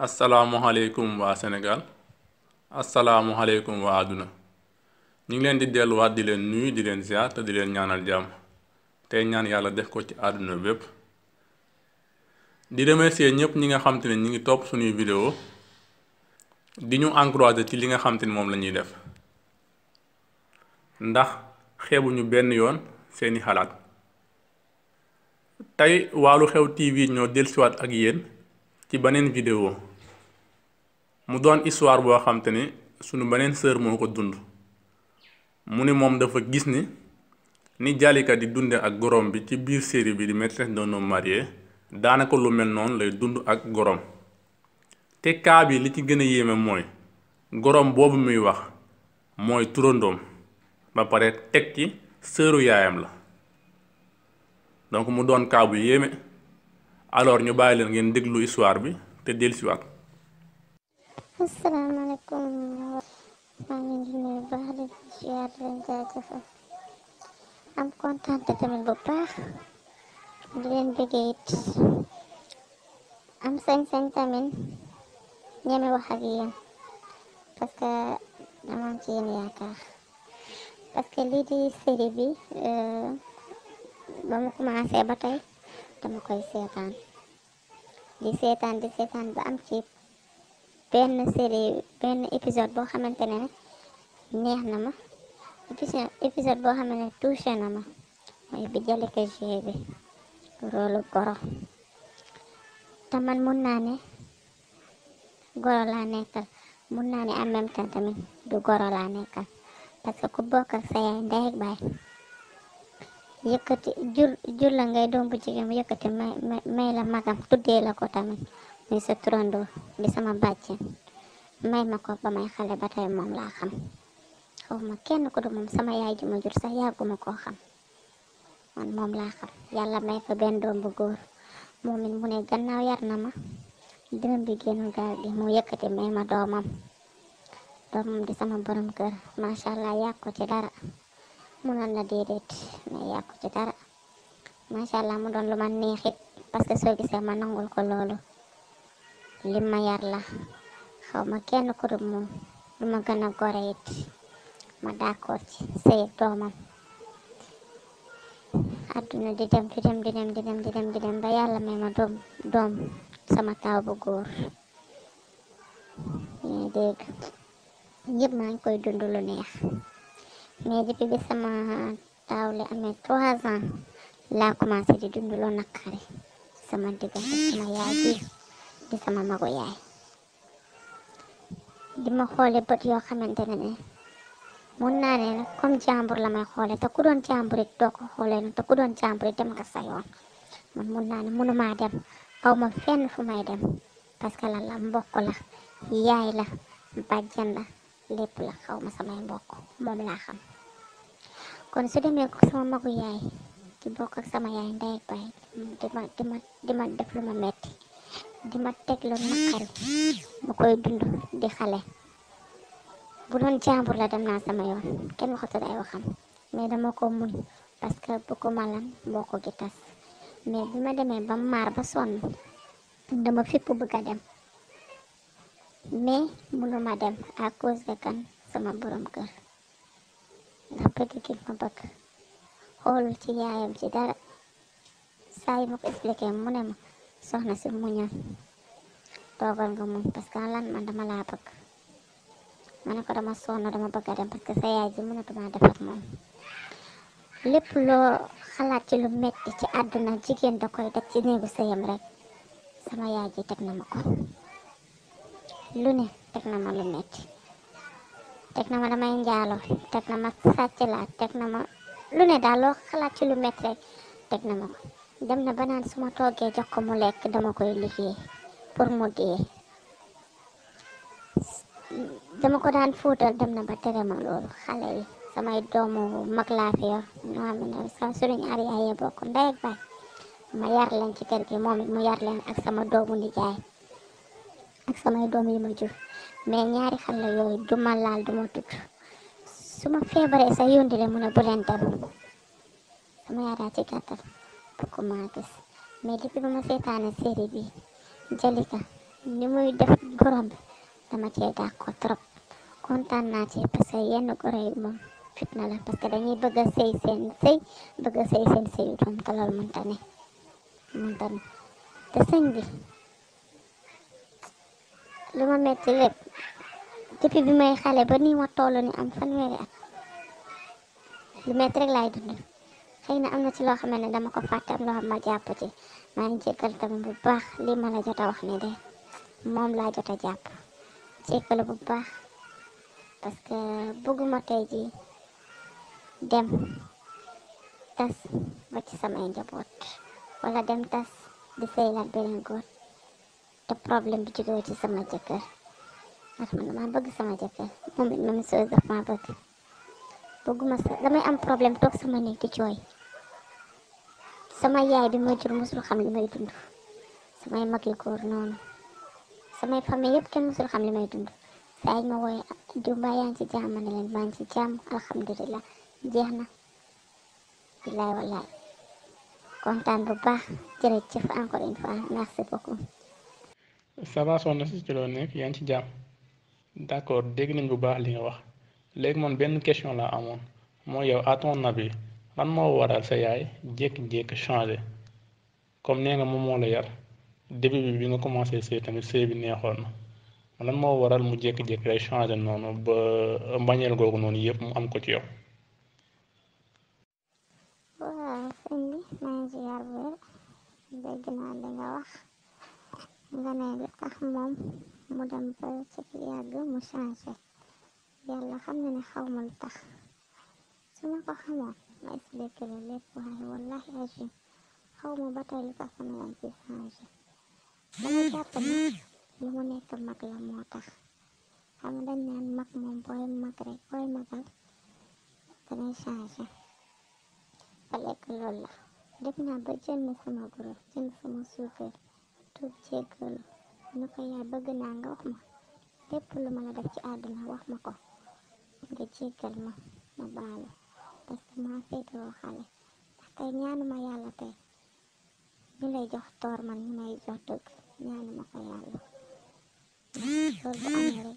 asalaamualeykum waa Sénégal asalaamualeykum waa àdduna ñu ngi leen di delluwaat di leen nuyu di leen ziar te di leen ñaanal jàmm tey ñaan yàlla def ko ci àdduna bépp di remercier ñëpp ñi nga xam te ne ñu ngi topp suñuy vidéo di ñu encourager ci li nga xam te moom lañuy def ndax xeebuñu benn yoon seeni xalaat tey waa lu xew TV ñoo dellusiwaat ak yéen ci beneen vidéo mu doon histoire boo xam te sunu beneen sœur moo ko dund mu ni moom dafa gis ni ni Jalika yi dunde ak gorom bi ci biir série bi di maîtresse d'un homme marié daanaka lu mel noonu lay dund ak gorom te kaa bi li ci gën a yéeme mooy gorom boobu muy wax mooy turandoom ba pare teg ci sëru yaayam la donc mu doon kaa bu yéeme alors ñu bàyyi leen ngeen déglu histoire bi te dellusiwaat asalaamaaleykum maa ngi leen di nuyu bu baax di leen ziar di leen jaajëfal am kontaan te tamit bu baax di leen bëggee it am sañ-sañ tamit ñeme wax ak yéen parce que dama am ci di série ba mu commencé ba tey dama koy seetaan di seetaan ba am ci. benn série benn épisode boo xamante ne neex na ma épisode boo xamante ne na ma mooy bi Jalika joué bi goro te mun naa goro laa nekkal mun naa ne tamit du goro laa nekkal parce ku bokk ak sa yaay ndey ak jur jur la doom bu jigéen may may la magam tuddee tamit ni sa di sama bàjjen may ma ko ba may xale ba moom laa xam xaw ma kenn ku du moom sama yaay ji ma jur sax yàgguma koo xam man moom laa xam yàlla may fa benn doom bu góor moom it mu ne gannaaw yar na ma dërëm bi génn gaal gi mu yëkkati may ma doomam doomam di sama borom kër macha allah yàqu ci dara mu noon la déedéet mais yàqu ci dara macha allah mu doon lu ma neexit parce soo gisee ma nangul ko loolu. lim ma yar la xaw ma kenn ku dul moom lu ma gën a ma d'accord ci sëy doomam àdduna di dem di dem di dem di dem di dem di dem ba yàlla may ma doom doom sama taaw bu góor yéen dégg yëpp maa ngi koy dund lu neex mais depuis bi sama taaw li amee trois ans laa commencé di dund lu naqari sama diggante sama yaay bi ci sama magu yaay di ma xoole bët yoo xamante ne ne mun naa ne nag comme jàmbur la may xoole te ku doon jàmbur it doo ko xoolee noonu te ku doon jàmbur it dem nga sa yoon man mun naa ne mënumaa dem aw fenn fu may dem parce que la mbokk la yaay la bàjjan la lépp la xaw ma samay mbokk moom laa xam kon su demee ko sama magu yaay di bokk ak sama yaay ndey ak baay di ma di ma def lu ma metti di ma tegloon naqari ma koy dund di xale bu doon jàmbur la dem naa sama yoon kenn waxatul ay waxam mais dama ko muñ parce que bu ko malam boo ko gi tas mais bi ma demee ba maar ba sonn dama fépp bëgg dem mais mënuma dem à cause de kan sama borom kër ndax bëgg gi ma bëgg xoolul ci yaayam ci dara saa yi ma ko expliqué mu ne ma soxna si muñal toogal nga muñ parce que lan man dama laa bëgg ma ne ko dama sonn dama bëgg dem parce sa yaay ji mënatuma def ak moom lépp loo xalaat ci lu metti ci àdduna jigéen da koy daj ci néegu sëyam rek sama yaay ji teg na ma ko lu ne teg na ma lu metti teg na ma damay njaalo teg na ma sàcc laa teg na ma lu ne daal loo xalaat ci lu metti rek teg na ma ko dem na ba naan su ma toogee jox ko mu lekk dama koy liggéey pour mu dee dama ko daan fóotal dem na ba tere ma loolu xale yi samay doomu mag laa fi yor sa mu yar leen ak sama doomu nijaay ak samay doom yi ma jur mais ñaari xale yooyu du laal du ma su ma feebaree sa yóndi mu ne bu leen dem sama yaay ci gàttal commencé mais depuis ba ma seetaane série bi Jalika ni muy def gorom bi dama cee d'accord kontaan naa ci parce que yenn goro yi moom fitna la parce que dañuy bëgg a sëy seen sëy bëgg a sëy seen sëyu bi lu ma metti lépp depuis bi may xale ba nii ma toll ni am fanweeri at lu metti rek laay xëy na am na ci loo xam ne dama ko fàtte am loo xam ma jàpp ci maa tamit bu baax li ma la jot a wax ne de moom laa jot a jàpp jéggalu bu baax parce que bëgguma tey ji dem tas ba ci samay njaboot wala dem tas di sëylaat beneen góor te problème bi jógewu ci sama jëkkër ndax man ma bëgg sama jëkkër moom ma même a daf maa bëgg bëgguma sax damay am problème toog sama néeg di jooy sama yaay bi ma jur mosul xam li may dund samay mag yu góor noonu samay famille kenn mosul xam li may dund saa yi ma wooyee yaa ngi ci jàmm jeex na billaay wallaay kontaan bu baax jërëjëf encore une fois merci beaucoup. ça nekk yaa ngi ci jàmm d' dégg nañ bu baax li nga wax léegi man benn question la amoon mooy yow à ton avis lan moo waral sa yaay jékki-jékki changé comme nee nga moom moo yar début bi nga commencé sëy tamit bi neexoon na lan moo waral mu jékki-jékki changé noonu ba mbañeel noonu yëpp mu am ko ci yow. tax moom mu dem ba ci yàgg mu changé yàlla xam na xaw ma lu tax su ma ko xamoon. maislekelelefu hai wallahi aje xaw ma ba tey li tax sama yaay ci changé dama jàpp ne li mu nekk mag la moo tax xam nga dañ mag moom booy mag rek booy magal dangay changé ba lekk loolu la def naa ba jënd sama goro jënd sama suukar tuub jéggalu ñu ko yaay bëgg naa nga wax ma lépp lu ma la def ci àdduna wax ma ko nga jéggal ma ma baalu parce que maa féetewoo xale ndax tey ñaanuma yàlla tey ñu lay jox toor man ñu may jox dëgg ñaanuma ko yàlla loolu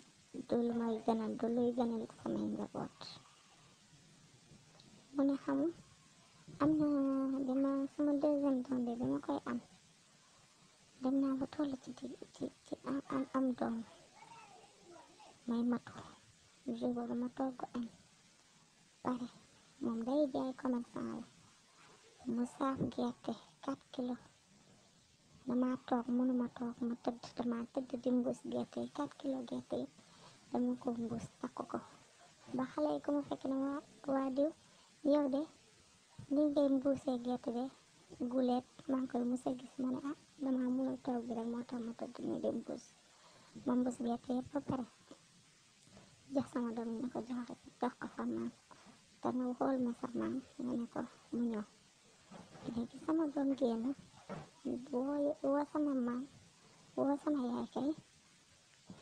du lu may gënal du luy gënal samay njaboot mu ne ma sama deuxième doom ma koy am am am ngay jaay commerçant la mu saaf gerte 4 kilo dama toog mënuma toog ma tëdd dama tëdd di mbuus gerte yi 4 kilo gerte yi dama ko mu fekk ne ne ah dama mënul toog bi rek moo tax ma tëdd ni di mbuus ma mbuus gerte yëpp ba pare jox sama doom ne ko jox ko fa naan te ñëw xool ma sa maam ne ko mu ñëw léegi sama doom génn woo sama maam woo sama yaay kay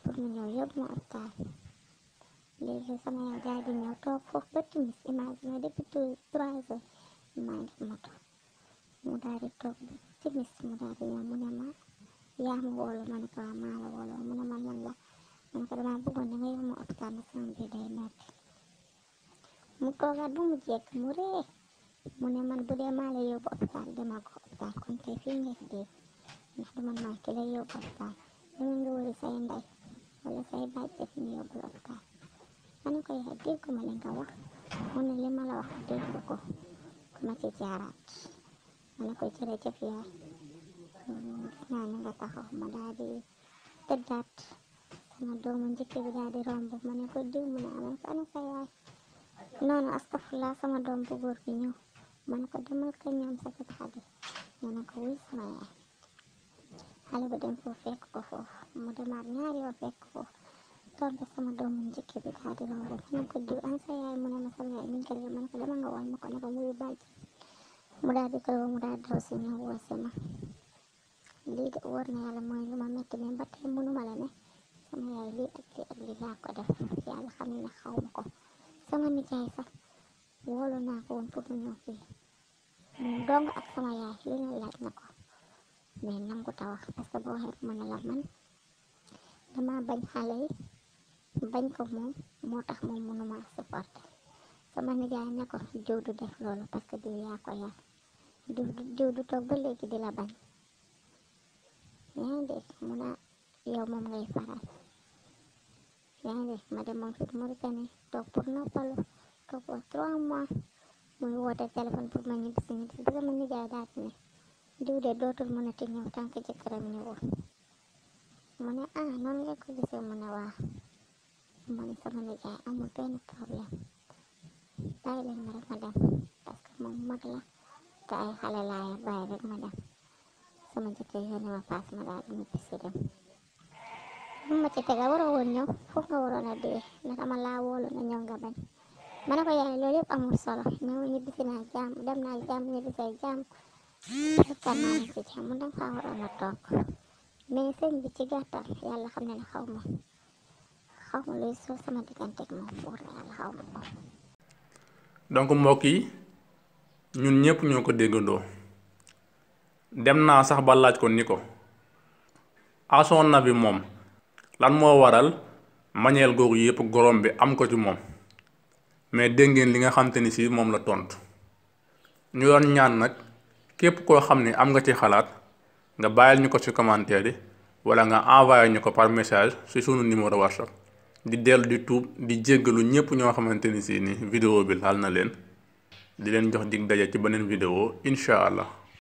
pour mu ñëw yóbbu ma hôpital léegi sama yaay daal di ñëw toog foofu ba timis imagine depuis trois heures ngi moto mu daal toog ba timis mu daal ñëw mu ne ma yaa ma woolu ma ne ko maa la woolu mu ne ma man la ma ne ko damaa bëggoon ne nga yóbbu ma hôpital na sama biir day mu toogaat ba mu jekk mu ree mu ne man bu dee maa la yóbbu hôpital dama ko hôpital kon fii ngay dee ndax man maa ki la yóbbu hôpital dama ma nga wax mu ne li ma la wax dégg ko ku ma ci ma ne ko jërëjëf yaay naa ni nga taxaw ma daal di tëddaat sama doomu njëkk bi daal di ma ne ko diw mu ne ana sa noonu astafurlah sama doom bu góor ñëw man ko demal kër ñoom safit xadi ñu ko wuy sama yaay xale bu dem foofu fekk ko foofu mu demaat ñaari yoon fekk ko foofu tombe sama doomu njëkk bi daal di romb ñu ko diw sa yaay mu ne ma sama yaay mi ngi kër man ko dama nga ma ko ne ko muy yaay lii ak lii laa ko def yàlla xam ne xaw ma ko sama nijaay sax woolu naa ko woon pour mu ñëw fii moom dong ak sama yaay lu ne laaj na ko mais nangu ta wax parce waxee mën na la man dama bañ xale yi bañ ko moom moo tax moom mënuma supporter sama nijaay ne ko diw du def loolu parce que diw yaa ko yar diw du toog ba léegi di la bañ yaa ngi mu ne yow moom ngay faral yaa ngi dégg madame Mansour Mauritanie toog pour noppalu toog pour trois mois muy woote téléphone pour ma ñibbi si ñibbi si bi sama nijaay daal di ne diw de dootul mënati ñëw tànk jëkkëram ñëwul mu ne ah noonu nga ko gisee mu ne waa mu ne sama nijaay amul benn problème bàyyi leen ma rek ma dem parce que moom mag la te ay xale laay bàyyi rek ma dem sama jëkkër yónni ma paas ma daal di ñibbi si dem. mu dem faa waroon a toog mais sëñ bi ci gàttal yàlla xam ne ne xaw ma luy soo sama digganteeg moom buur donc mbokk yi ñun ñëpp ñoo ko déggandoo dem naa sax ba laaj ko ni ko à son avis moom lan moo waral mañeel googu yëpp gorom bi am ko ci moom mais dégg ngeen li nga xamante ni si moom la tontu ñu doon ñaan nag képp koo xam ne am nga ci xalaat nga bàyyil ñu ko ci commentaire yi wala nga envoyé ñu ko par message ci sunu numéro whatsapp di dellu di tuub di jéggalu ñëpp ñoo xamante ni si ni vidéo bi laal na leen di leen jox dig daje ci beneen vidéo incha allah.